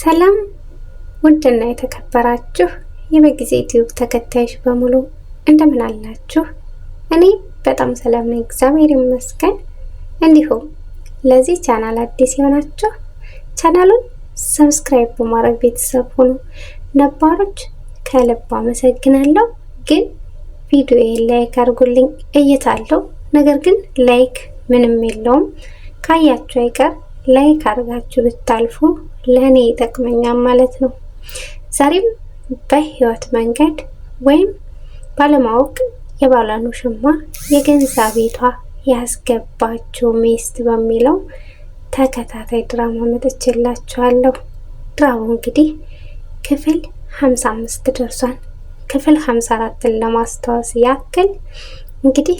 ሰላም ውድና የተከበራችሁ የበጊዜ ዩቲዩብ ተከታዮች በሙሉ እንደምን አላችሁ? እኔ በጣም ሰላም ነኝ፣ እግዚአብሔር ይመስገን። እንዲሁም ለዚህ ቻናል አዲስ የሆናችሁ ቻናሉን ሰብስክራይብ በማድረግ ቤተሰብ ሁኑ። ነባሮች ከልብ አመሰግናለሁ። ግን ቪዲዮ ላይክ አድርጉልኝ እይታለሁ፣ ነገር ግን ላይክ ምንም የለውም ካያችሁ አይቀር ላይክ አድርጋችሁ ብታልፉ ለእኔ ይጠቅመኛል ማለት ነው። ዛሬም በህይወት መንገድ ወይም ባለማወቅ የባሏን ውሽማ የገንዛ ቤቷ ያስገባችው ሚስት በሚለው ተከታታይ ድራማ መጥቼላችኋለሁ። ድራማው እንግዲህ ክፍል 55 ደርሷል። ክፍል 54ን ለማስታወስ ያክል እንግዲህ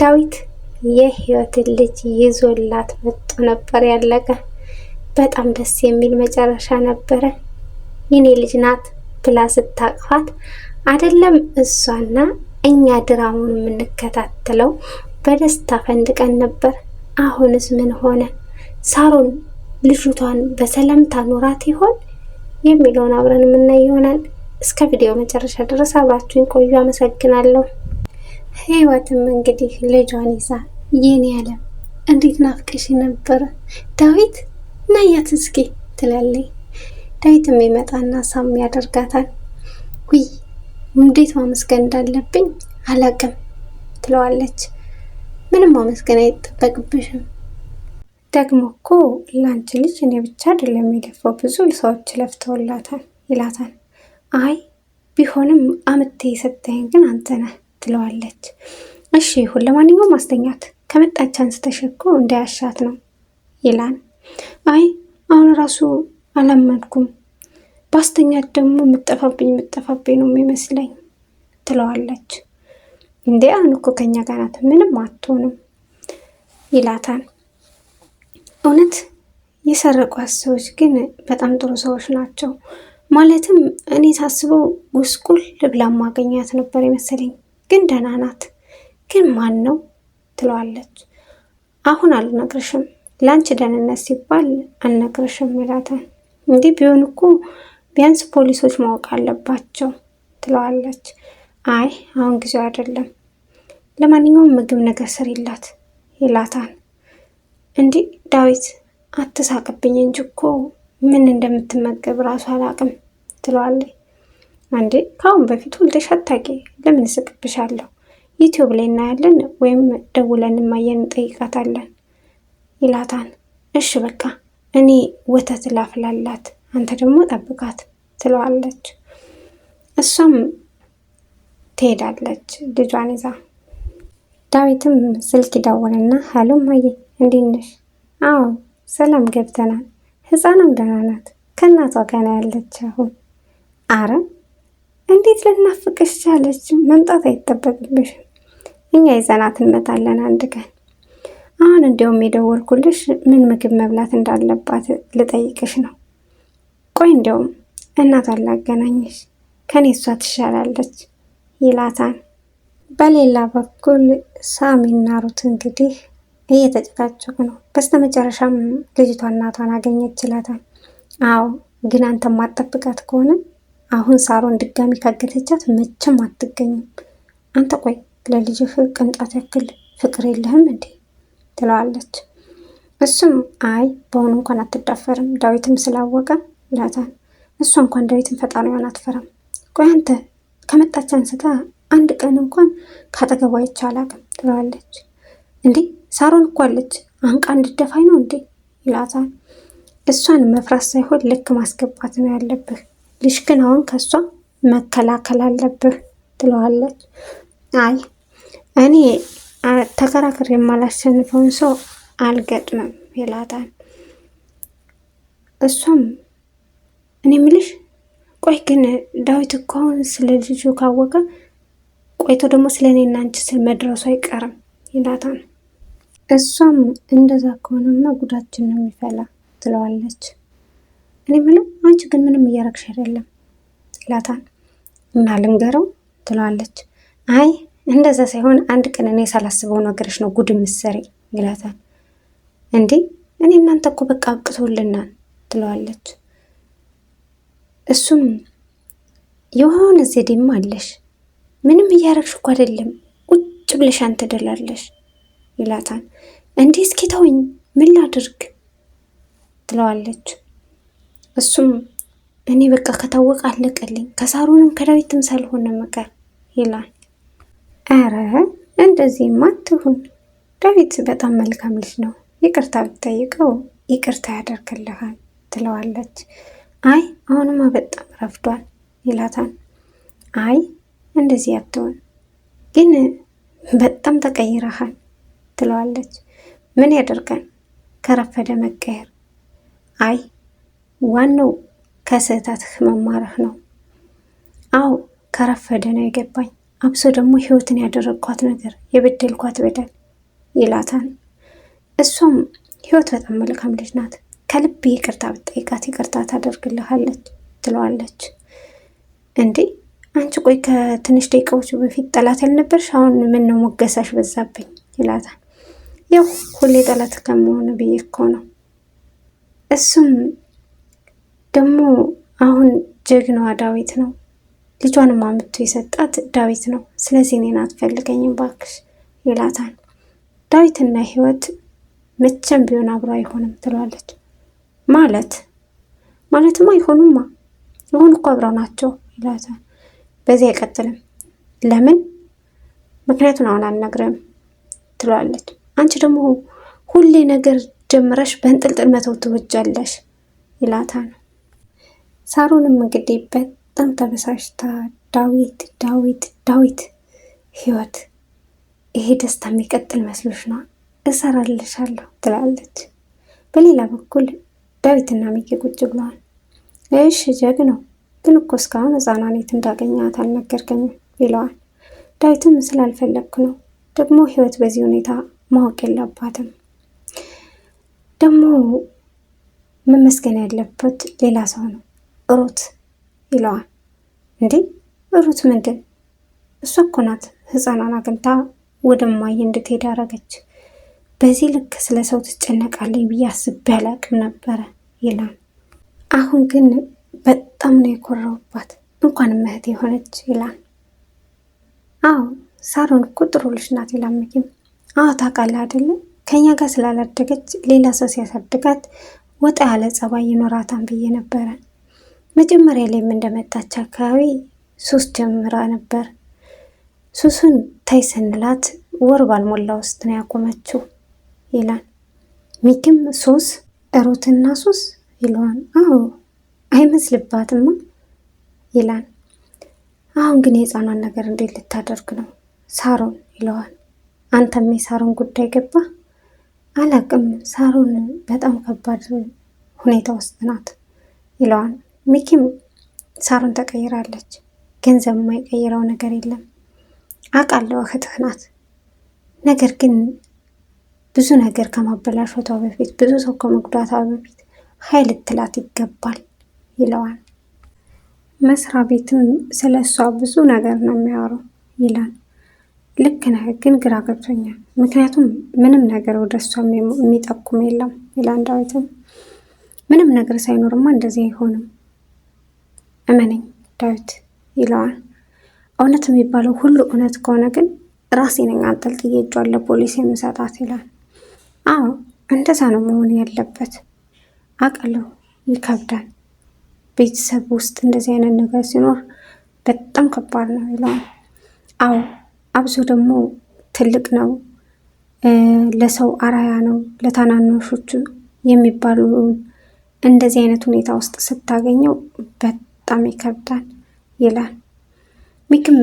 ዳዊት የህይወትን ልጅ ይዞላት መጥቶ ነበር ያለቀ። በጣም ደስ የሚል መጨረሻ ነበረ። የኔ ልጅ ናት ብላ ስታቅፋት አይደለም እሷና እኛ ድራማውን የምንከታተለው በደስታ ፈንድቀን ነበር። አሁንስ ምን ሆነ? ሳሮን ልጅቷን በሰላምታ ኑራት ይሆን የሚለውን አብረን የምናይ ይሆናል። እስከ ቪዲዮ መጨረሻ ድረስ አብራችሁን ቆዩ። አመሰግናለሁ። ህይወትም እንግዲህ ልጇን ይዛ የኔ ዓለም እንዴት ናፍቀሽ ነበረ ዳዊት ናያት እስኪ ትላለች። ዳዊትም ይመጣና ሳም ያደርጋታል። ውይ እንዴት ማመስገን እንዳለብኝ አላቅም ትለዋለች። ምንም ማመስገን አይጠበቅብሽም ደግሞ እኮ ላንቺ ልጅ እኔ ብቻ አይደለም የለፋው ብዙ ሰዎች ለፍተውላታል ይላታል። አይ ቢሆንም አምቴ የሰጠኝ ግን አንተ ነህ ትለዋለች። እሺ ይሁን፣ ለማንኛውም ማስተኛት ከመጣች አንስተሽ እኮ እንዳያሻት ነው ይላል። አይ አሁን ራሱ አላመንኩም፣ ባስተኛት ደግሞ የምጠፋብኝ የምጠፋብኝ ነው የሚመስለኝ ትለዋለች። እንዴ አሁን እኮ ከኛ ጋር ናት፣ ምንም አትሆንም ይላታል። እውነት የሰረቋት ሰዎች ግን በጣም ጥሩ ሰዎች ናቸው። ማለትም እኔ ሳስበው ጉስቁል ልብላ ማገኛት ነበር የመሰለኝ፣ ግን ደህና ናት። ግን ማን ነው ትለዋለች። አሁን አልነግርሽም፣ ለአንቺ ደህንነት ሲባል አልነግርሽም ይላታል። እንዲህ ቢሆን እኮ ቢያንስ ፖሊሶች ማወቅ አለባቸው ትለዋለች። አይ አሁን ጊዜው አይደለም፣ ለማንኛውም ምግብ ነገር ስሪላት ይላታል። እንዲህ ዳዊት አትሳቅብኝ እንጂ እኮ ምን እንደምትመገብ እራሱ አላቅም ትለዋለች። አንዴ ከአሁን በፊት ወልደሽ አታውቂ፣ ለምን ስቅብሻለሁ ዩቲዩብ ላይ እናያለን ወይም ደውለን እማየን እንጠይቃታለን ይላታል። እሺ በቃ እኔ ወተት ላፍላላት፣ አንተ ደግሞ ጠብቃት ትለዋለች። እሷም ትሄዳለች ልጇን ይዛ። ዳዊትም ስልክ ይደውልና ሀሎ እማዬ እንዴት ነሽ? አዎ ሰላም ገብተናል። ህፃንም ደህና ናት ከእናቷ ጋር ነው ያለች አሁን። አረ እንዴት ልናፍቅሽ ቻለች? መምጣት አይጠበቅብሽም እኛ ይዘናት እንመጣለን አንድ ቀን። አሁን እንዲያውም የደወልኩልሽ ምን ምግብ መብላት እንዳለባት ልጠይቅሽ ነው። ቆይ እንዲያውም እናቷ ላገናኝሽ፣ ከኔ እሷ ትሻላለች ይላታል። በሌላ በኩል ሳሚና ሩት እንግዲህ እየተጨቃጨቁ ነው። በስተመጨረሻም ልጅቷ እናቷን አገኘች ይላታል። አዎ ግን አንተ ማጠብቃት ከሆነ አሁን ሳሮን ድጋሚ ካገተቻት መቼም አትገኝም። አንተ ቆይ ለልጅህ ቅንጣት ያክል ፍቅር የለህም እንዴ? ትለዋለች። እሱም አይ በሆኑ እንኳን አትዳፈርም፣ ዳዊትም ስላወቀ ይላታል። እሷ እንኳን ዳዊትን ፈጣሪዋን አትፈራም። ቆይ አንተ ከመጣች አንስታ አንድ ቀን እንኳን ካጠገቧ አይቼ አላውቅም ትለዋለች። እንዴ ሳሮን እኮ አለች አንቃ እንድደፋኝ ነው እንዴ? ይላታል። እሷን መፍራት ሳይሆን ልክ ማስገባት ነው ያለብህ፣ ልጅ ግን አሁን ከእሷ መከላከል አለብህ ትለዋለች። አይ እኔ ተከራክሬ የማላሸንፈውን ሰው አልገጥምም ይላታል። እሷም እኔ ምልሽ ቆይ ግን ዳዊት እኮ አሁን ስለ ልጁ ካወቀ ቆይቶ ደግሞ ስለ እኔና አንቺ ስል መድረሱ አይቀርም ይላታል። እሷም እንደዛ ከሆነማ ጉዳችን ነው የሚፈላ ትለዋለች። እኔ ምንም አንቺ ግን ምንም እያረግሽ አይደለም ይላታል። እና ልንገረው ትለዋለች። አይ እንደዛ ሳይሆን አንድ ቀን እኔ ሳላስበው ነገሮች ነው ጉድ ምሰሪ ይላታል። እንዴ እኔ እናንተ እኮ በቃ አብቅቶልናል ትለዋለች። እሱም የሆነ ዘዴም አለሽ፣ ምንም እያረግሽ እኮ አይደለም ቁጭ ብለሽ አንተደላለሽ ይላታል። እንዴ እስኪ ተውኝ ምን ላድርግ ትለዋለች። እሱም እኔ በቃ ከታወቀ አለቀልኝ ከሳሩንም ከዳዊትም ሳልሆነ መቀር ይላል። እረ እንደዚህማ አትሁን። ዳዊት በጣም መልካም ልጅ ነው፣ ይቅርታ ብትጠይቀው ይቅርታ ያደርግልሃል ትለዋለች። አይ አሁንማ በጣም ረፍዷል ይላታል። አይ እንደዚህ አትሆን ግን በጣም ተቀይረሃል ትለዋለች። ምን ያደርጋል ከረፈደ መቀየር። አይ ዋናው ከስህተትህ መማርህ ነው። አዎ ከረፈደ ነው የገባኝ አብሶ ደግሞ ህይወትን ያደረግኳት ነገር የበደልኳት በደል ይላታል። እሷም ህይወት በጣም መልካም ልጅ ናት፣ ከልብ ይቅርታ ብጠይቃት ይቅርታ ታደርግልሃለች ትለዋለች። እንዴ አንቺ ቆይ ከትንሽ ደቂቃዎች በፊት ጠላት ያልነበርሽ አሁን ምን ነው ሞገሳሽ በዛብኝ ይላታል። ያው ሁሌ ጠላት ከመሆን ብዬ እኮ ነው። እሱም ደግሞ አሁን ጀግናዋ ዳዊት ነው ልጇንም አምጥቶ የሰጣት ዳዊት ነው። ስለዚህ እኔን አትፈልገኝም ባክሽ ይላታል። ዳዊትና ህይወት መቼም ቢሆን አብሮ አይሆንም ትሏለች። ማለት ማለትም አይሆኑማ ይሁን እኮ አብረው ናቸው ይላታል። በዚህ አይቀጥልም። ለምን? ምክንያቱን አሁን አልነግርም ትሏለች። አንቺ ደግሞ ሁሌ ነገር ጀምረሽ በእንጥልጥል መተው ትወጃለሽ ይላታል። ሳሮንም እንግዲህ በጣም ተበሳሽታ ዳዊት ዳዊት ዳዊት ህይወት ይሄ ደስታ የሚቀጥል መስሎች ነው እሰራልሻለሁ ትላለች። በሌላ በኩል ዳዊትና ሚጌ ቁጭ ብለዋል። እሺ ነው ግን እኮ እስካሁን ህፃኗን የት እንዳገኛት አልነገርከኝም ይለዋል። ዳዊትም ስላልፈለግኩ ነው ደግሞ ህይወት በዚህ ሁኔታ ማወቅ የለባትም ደግሞ መመስገን ያለበት ሌላ ሰው ነው ሮት። ይለዋል። እንዲህ ሩት ምንድን እሷ እኮ ናት ህፃኗን አግኝታ ወደ እማዬ እንድትሄድ አደረገች። በዚህ ልክ ስለ ሰው ትጨነቃለች ብዬ አስቤ አላቅም ነበረ ይላል። አሁን ግን በጣም ነው የኮረውባት እንኳንም እህት የሆነች ይላል። አዎ ሳሮን እኮ ጥሩ ልጅ ናት ይላል። መቼም አዎ ታውቃለህ አይደለም ከኛ ጋር ስላላደገች ሌላ ሰው ሲያሳድጋት ወጣ ያለ ጸባይ ይኖራታን ብዬ ነበረ መጀመሪያ ላይም እንደመጣች አካባቢ ሱስ ጀምራ ነበር። ሱሱን ታይ ስንላት ወር ባልሞላ ውስጥ ነው ያቆመችው ይላል። ሚክም ሱስ እሮትና ሱስ ይለዋል። አዎ አይመስልባትማ ይላል። አሁን ግን የህፃኗን ነገር እንዴት ልታደርግ ነው? ሳሮን ይለዋል። አንተም የሳሮን ጉዳይ ገባ አላቅም። ሳሮን በጣም ከባድ ሁኔታ ውስጥ ናት ይለዋል። ሚኪም ሳሩን ተቀይራለች። ገንዘብ የማይቀይረው ነገር የለም። አውቃለሁ እህትህ ናት። ነገር ግን ብዙ ነገር ከማበላሸቷ በፊት ብዙ ሰው ከመጉዳቷ በፊት ሀይል ትላት ይገባል ይለዋል። መስሪያ ቤትም ስለ እሷ ብዙ ነገር ነው የሚያወሩ ይላል። ልክ ነህ፣ ግን ግራ ገብቶኛል። ምክንያቱም ምንም ነገር ወደ እሷ የሚጠቁም የለም ይላል ዳዊትም። ምንም ነገር ሳይኖርማ እንደዚህ አይሆንም እመነኝ ዳዊት ይለዋል። እውነት የሚባለው ሁሉ እውነት ከሆነ ግን ራሴ ነኝ አንጠልጥዬ እጇን ለፖሊስ የምሰጣት ይላል። አዎ እንደዛ ነው መሆን ያለበት። አቀለው ይከብዳል። ቤተሰብ ውስጥ እንደዚህ አይነት ነገር ሲኖር በጣም ከባድ ነው ይለዋል። አዎ አብሶ ደግሞ ትልቅ ነው፣ ለሰው አራያ ነው፣ ለታናናሾቹ የሚባሉ እንደዚህ አይነት ሁኔታ ውስጥ ስታገኘው በጣም ይከብዳል ይላል። ሚክም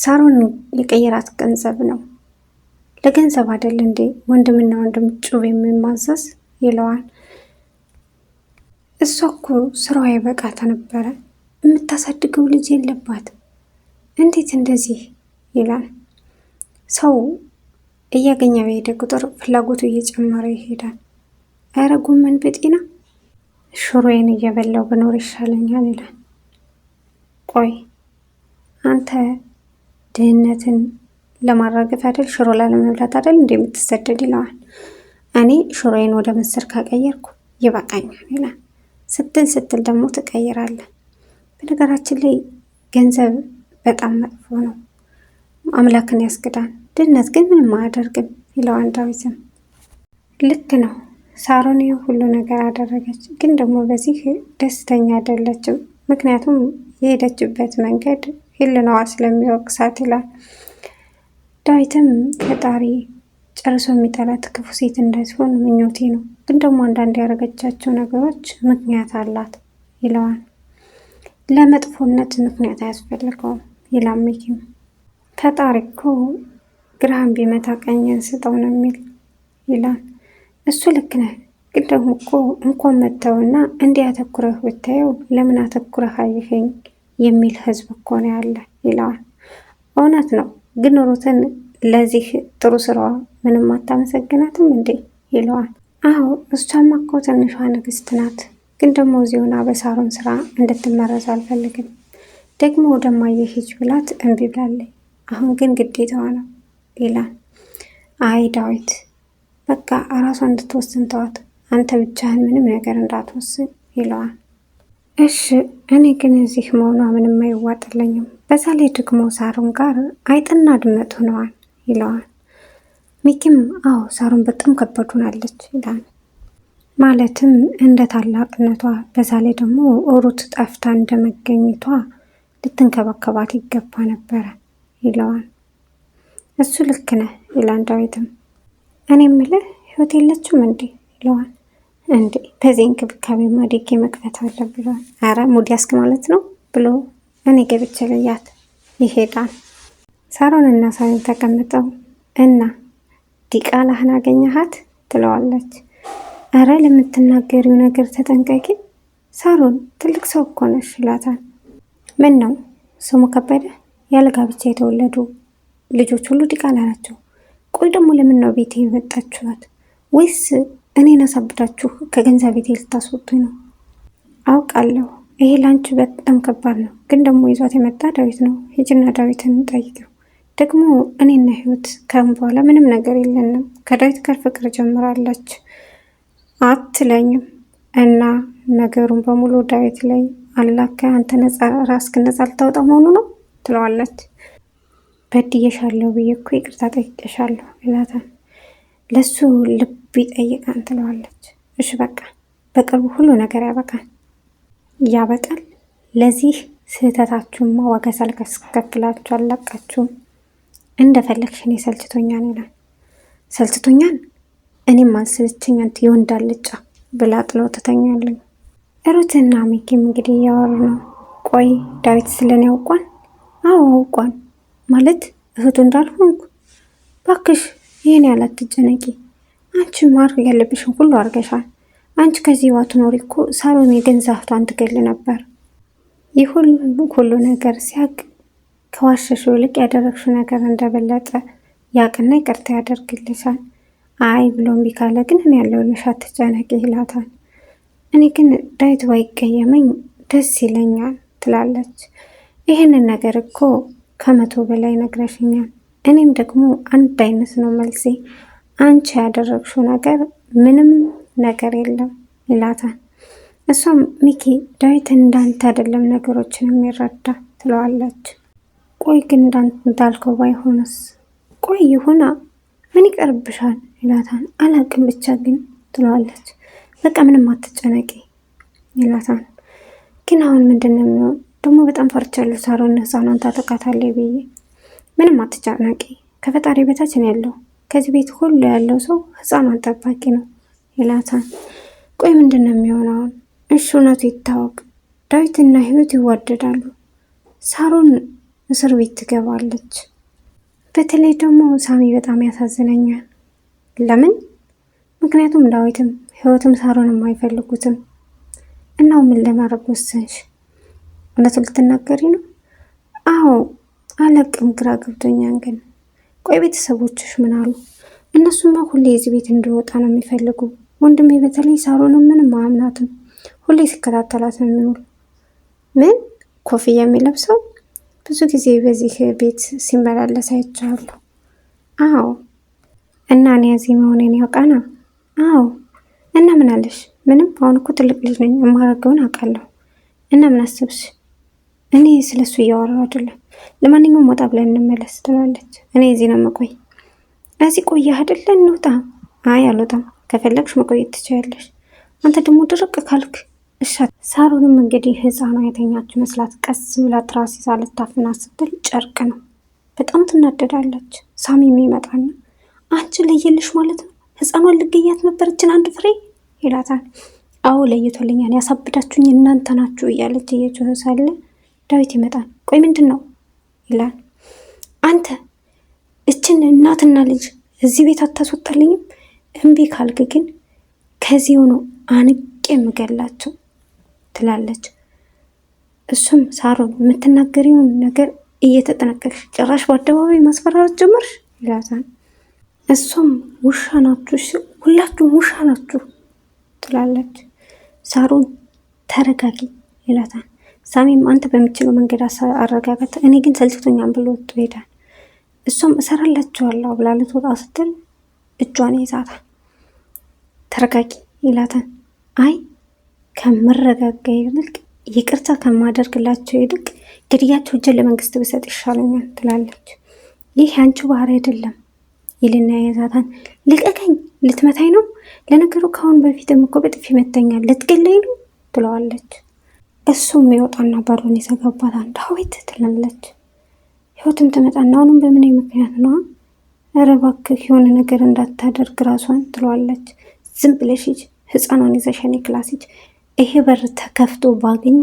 ሳሮን የቀየራት ገንዘብ ነው። ለገንዘብ አይደል እንዴ ወንድምና ወንድም ጩቤ የሚማዘዝ ይለዋል። እሷ እኮ ስራዋ የበቃተ ነበረ። የምታሳድገው ልጅ የለባት እንዴት እንደዚህ ይላል። ሰው እያገኘ በሄደ ቁጥር ፍላጎቱ እየጨመረ ይሄዳል። ኧረ ጎመን በጤና ሽሮዬን እየበላው ብኖር ይሻለኛል ይላል። ቆይ አንተ ድህነትን ለማራገፍ አይደል ሽሮ ላለመብላት አይደል እንደ የምትሰደድ ይለዋል። እኔ ሽሮዬን ወደ ምስር ካቀየርኩ ይበቃኛል ይላል። ስትል ስትል ደግሞ ትቀይራለን። በነገራችን ላይ ገንዘብ በጣም መጥፎ ነው፣ አምላክን ያስግዳል። ድህነት ግን ምንም አያደርግም ይለዋል ዳዊትም። ልክ ነው ሳሮኒ ሁሉ ነገር አደረገች፣ ግን ደግሞ በዚህ ደስተኛ አይደለችም። ምክንያቱም የሄደችበት መንገድ ህልናዋ ስለሚወቅሳት ይላል። ዳዊትም ፈጣሪ ጨርሶ የሚጠላት ክፉ ሴት እንዳትሆን ምኞቴ ነው፣ ግን ደግሞ አንዳንድ ያደረገቻቸው ነገሮች ምክንያት አላት ይለዋል። ለመጥፎነት ምክንያት አያስፈልገውም ይላል ሚኪም። ፈጣሪ እኮ ግራህን ቢመታ ቀኝን ስጠው ነው የሚል ይላል። እሱ ልክ ነህ ግን ደግሞ እኮ እንኳን መተውና እንዲህ አተኩረህ ብታየው ለምን አተኩረህ አየኸኝ የሚል ህዝብ እኮ ነው ያለ ይለዋል። እውነት ነው፣ ግን ሩትን ለዚህ ጥሩ ስራዋ ምንም አታመሰግናትም እንዴ ይለዋል። አዎ እሷማ እኮ ትንሿ ንግስት ናት፣ ግን ደግሞ እዚሁና በሳሩን ስራ እንድትመረዝ አልፈልግም። ደግሞ ወደማየ ሂጅ ብላት እምቢ ብላለች። አሁን ግን ግዴታዋ ነው ይላል። አይ ዳዊት፣ በቃ እራሷ እንድትወስን ተዋት አንተ ብቻህን ምንም ነገር እንዳትወስን ይለዋል። እሺ እኔ ግን እዚህ መሆኗ ምንም አይዋጥልኝም። በዛ ላይ ደግሞ ሳሩን ጋር አይጥና ድመት ሆነዋል ይለዋል። ሚኪም አዎ ሳሩን በጣም ከባድ ሆናለች ይላል። ማለትም እንደ ታላቅነቷ በዛ ላይ ደግሞ ሩት ጠፍታ እንደመገኘቷ ልትንከባከባት ይገባ ነበረ ይለዋል። እሱ ልክ ነህ ይላል ዳዊትም። እኔ ምልህ ህይወት የለችም እንዴ ይለዋል። እንዴ በዚህ እንክብካቤ ማዲጌ መክፈት አለ ብሏል። አረ ሙዲያስክ ማለት ነው ብሎ እኔ ገብቼ ልያት ይሄዳል። ሳሮን እና ሳሮን ተቀምጠው እና ዲቃላህን አገኘሃት ትለዋለች። አረ ለምትናገሪው ነገር ተጠንቀቂ ሳሮን፣ ትልቅ ሰው እኮ ነሽ ይላታል። ምን ነው ስሙ ከበደ ያለጋብቻ ጋብቻ የተወለዱ ልጆች ሁሉ ዲቃላ ናቸው። ቆይ ደግሞ ለምን ነው ቤቴ የመጣችኋት? ወይስ እኔን አሳብዳችሁ ከገንዘብ ቤቴ ልታስወጡኝ ነው። አውቃለሁ ይሄ ላንቺ በጣም ከባድ ነው፣ ግን ደግሞ ይዟት የመጣ ዳዊት ነው። ሂጂና ዳዊትን ጠይቂው። ደግሞ እኔና ህይወት ከም በኋላ ምንም ነገር የለንም። ከዳዊት ጋር ፍቅር ጀምራለች አትለኝም እና ነገሩን በሙሉ ዳዊት ላይ አላከ። አንተ ነፃ ራስክ ነፃ ልታወጣ መሆኑ ነው ትለዋለች። በድየሻለሁ ብዬ እኮ ይቅርታ ጠይቀሻለሁ ይላታል። ለሱ ልብ ቢጠይቃን ትለዋለች። እሺ በቃ በቅርቡ ሁሉ ነገር ያበቃል ያበቃል። ለዚህ ስህተታችሁማ ዋጋ ሳልከፍላችሁ አልለቃችሁም። እንደፈለግሽ እኔ ሰልችቶኛል ይላል። ሰልችቶኛል እኔም አልስልችኝ አንተ የወንድ አልጫ ብላ ጥሎ ትተኛለኝ። እሩትና ሚኪም እንግዲህ እያወሩ ነው። ቆይ ዳዊት ስለን ያውቋል? አዎ አውቋል። ማለት እህቱ እንዳልሆንኩ ባክሽ፣ ይህን ያላት አንቺ ማድረግ ያለብሽን ሁሉ አድርገሻል። አንቺ ከዚህ ኖሪ እኮ ሳሎን የገንዛፍቷን ትገል ነበር። ይህ ሁሉ ነገር ሲያቅ ከዋሸሽው ይልቅ ያደረግሽው ነገር እንደበለጠ ያቅና ይቅርታ ያደርግልሻል። አይ ብሎ እምቢ ካለ ግን እኔ ያለሁልሽ አትጨነቂ ይላታል። እኔ ግን ዳዊት ባይቀየመኝ ደስ ይለኛል ትላለች። ይህንን ነገር እኮ ከመቶ በላይ ነግረሽኛል። እኔም ደግሞ አንድ አይነት ነው መልሴ አንቺ ያደረግሽው ነገር ምንም ነገር የለም ይላታል። እሷም ሚኪ ዳዊት እንዳንተ አይደለም ነገሮችን የሚረዳ ትለዋለች። ቆይ ግን እንዳልከው ባይሆንስ? ቆይ ይሁና ምን ይቀርብሻል ይላታል። አላቅም ብቻ ግን ትለዋለች። በቃ ምንም አትጨነቂ ይላታል። ግን አሁን ምንድን ነው የሚሆን? ደግሞ በጣም ፈርቻለሁ ሳሮን ህፃኗን ታጠቃታለች ብዬ። ምንም አትጨነቂ ከፈጣሪ በታችን ያለው ከዚህ ቤት ሁሉ ያለው ሰው ህፃኗን ጠባቂ ነው ይላታል። ቆይ ምንድን ነው የሚሆነው? እሺ እውነቱ ይታወቅ፣ ዳዊትና ህይወት ይዋደዳሉ። ሳሮን እስር ቤት ትገባለች። በተለይ ደግሞ ሳሚ በጣም ያሳዝነኛል። ለምን? ምክንያቱም ዳዊትም ህይወትም ሳሮንም አይፈልጉትም። እናው ምን ለማድረግ ወሰንሽ? እውነቱ ልትናገሪ ነው? አዎ አለቅም፣ ግራ ገብቶኛል ግን ቆይ ቤተሰቦችሽ ምን አሉ? እነሱማ ሁሌ የዚህ ቤት እንድወጣ ነው የሚፈልጉ። ወንድሜ በተለይ ሳሮንም ምንም አያምናትም። ሁሌ ሲከታተላት ነው የሚውል። ምን ኮፍያ የሚለብሰው ብዙ ጊዜ በዚህ ቤት ሲመላለስ አይቻሉ። አዎ እና እኔ እዚህ መሆኔን ያውቃና? አዎ እና ምን አለሽ? ምንም አሁን እኮ ትልቅ ልጅ ነኝ፣ የማደርገውን አውቃለሁ። እና ምን አሰብሽ? እኔ ስለ እሱ እያወራሁ አይደለም። ለማንኛውም ወጣ ብለን እንመለስ ትላለች። እኔ እዚህ ነው መቆይ እዚህ ቆያ አይደለ እንውጣ። አይ አልወጣም፣ ከፈለግሽ መቆየት ትችያለሽ። አንተ ደግሞ ድርቅ ካልክ እሻ። ሳሩንም እንግዲህ ህፃኗ የተኛች መስላት ቀስ ብላ ትራስ ይዛ ልታፍና ስትል ጨርቅ ነው። በጣም ትናደዳለች። ሳሚ የሚመጣና አንቺ ለየልሽ ማለት ነው ህፃኗን ልገያት ነበረችን አንድ ፍሬ ይላታል። አዎ ለይቶልኛል፣ ያሳብዳችሁኝ እናንተ ናችሁ እያለች እየጮኸ ሳለ ዳዊት ይመጣል። ቆይ ምንድን ነው ይላል። አንተ እችን እናትና ልጅ እዚህ ቤት አታስወጣልኝም? እምቢ ካልክ ግን ከዚህ ሆኖ አንቄ የምገላቸው ትላለች። እሱም ሳሮን የምትናገሪውን ነገር እየተጠነቀቅሽ ጭራሽ በአደባባይ ማስፈራራት ጀመርሽ ይላታል። እሷም ውሻ ናችሁ፣ ሁላችሁም ውሻ ናችሁ ትላለች። ሳሮን ተረጋጊ ይላታል። ሳሚም አንተ በምችለው መንገድ አረጋጋት፣ እኔ ግን ሰልችቶኛል ብሎ ይሄዳል። እሷም እሰራላችኋለሁ ብላ ልትወጣ ስትል እጇን ይዛታል። ተረጋጊ ይላታል። አይ ከምረጋጋ ይልቅ ይቅርታ ከማደርግላቸው ይልቅ ግድያቸው እጄን ለመንግስት ብሰጥ ይሻለኛል ትላለች። ይህ የአንቺ ባህሪ አይደለም ይልና ያዛታን። ልቀቀኝ፣ ልትመታኝ ነው። ለነገሩ ከአሁን በፊትም እኮ በጥፊ መታኛል። ልትገለኝ ነው ትለዋለች። እሱም ይወጣና በሩን ይዘጋባታል። ዳዊት ትላለች። ህይወትም ትመጣና አሁንም በምን ምክንያት ነዋ? ኧረ እባክህ የሆነ ነገር እንዳታደርግ ራሷን ትለዋለች። ዝም ብለሽ ሂጅ፣ ህፃኗን ይዘሽ ክላስ ሂጅ። ይሄ በር ተከፍቶ ባገኝ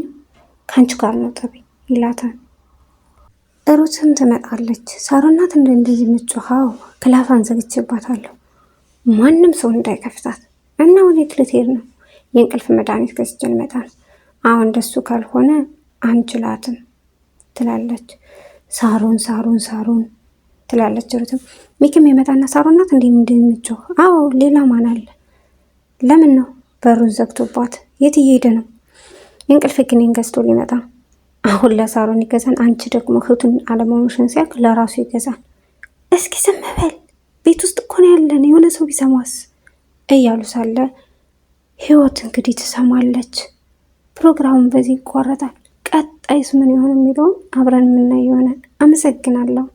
ከአንቺ ጋር ነው ጠቢ ይላታል። ሩትም ትመጣለች። ሳሮናት እንደ እንደዚህ የምትጮኸው ክላሷን ዘግቼባታለሁ፣ ማንም ሰው እንዳይከፍታት እና ወዴት ልትሄድ ነው? የእንቅልፍ መድኃኒት ገዝቼ ልመጣ ነው አሁን ደሱ ካልሆነ አንችላትም ትላለች። ሳሮን ሳሩን ሳሩን ትላለች። ሩትም ሚኪም የመጣና ሳሮን ናት እንዲህ አዎ ሌላ ማን አለ? ለምን ነው በሩን ዘግቶባት? የት እየሄደ ነው? እንቅልፍ ግኔን ገዝቶ ሊመጣ አሁን ለሳሮን ይገዛል። አንቺ ደግሞ እህቱን አለመሆኑሽን ሲያክ ለራሱ ይገዛል። እስኪ ዝም በል ቤት ውስጥ እኮ ነው ያለን፣ የሆነ ሰው ቢሰማስ እያሉ ሳለ ህይወት እንግዲህ ትሰማለች። ፕሮግራሙን በዚህ ይቋረጣል። ቀጣይስ ምን ይሆን የሚለውን አብረን የምናየው ይሆናል። አመሰግናለሁ።